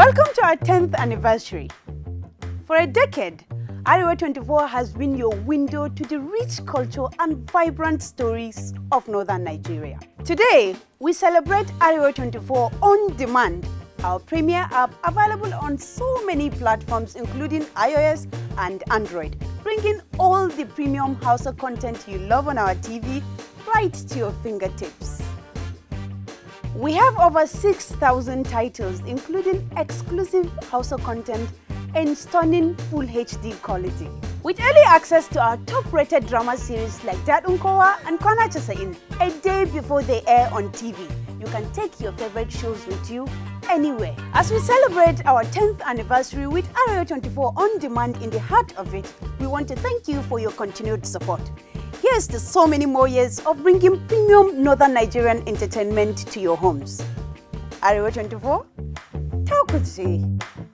Welcome to our 10th anniversary. For a decade, Arewa 24 has been your window to the rich culture and vibrant stories of northern Nigeria. Today, we celebrate Arewa 24 on demand, our premier app available on so many platforms including iOS and Android, bringing all the premium Hausa content you love on our TV right to your fingertips. We have over 6,000 titles, including exclusive Hausa content and stunning full HD quality. With early access to our top-rated drama series like Dad Unkowa and Kona Chasain, a day before they air on TV, you can take your favorite shows with you anywhere. As we celebrate our 10th anniversary with Rio 24 On Demand in the heart of it, we want to thank you for your continued support to so many more years of bringing premium Northern Nigerian entertainment to your homes. Arewa 24, Taukutsi.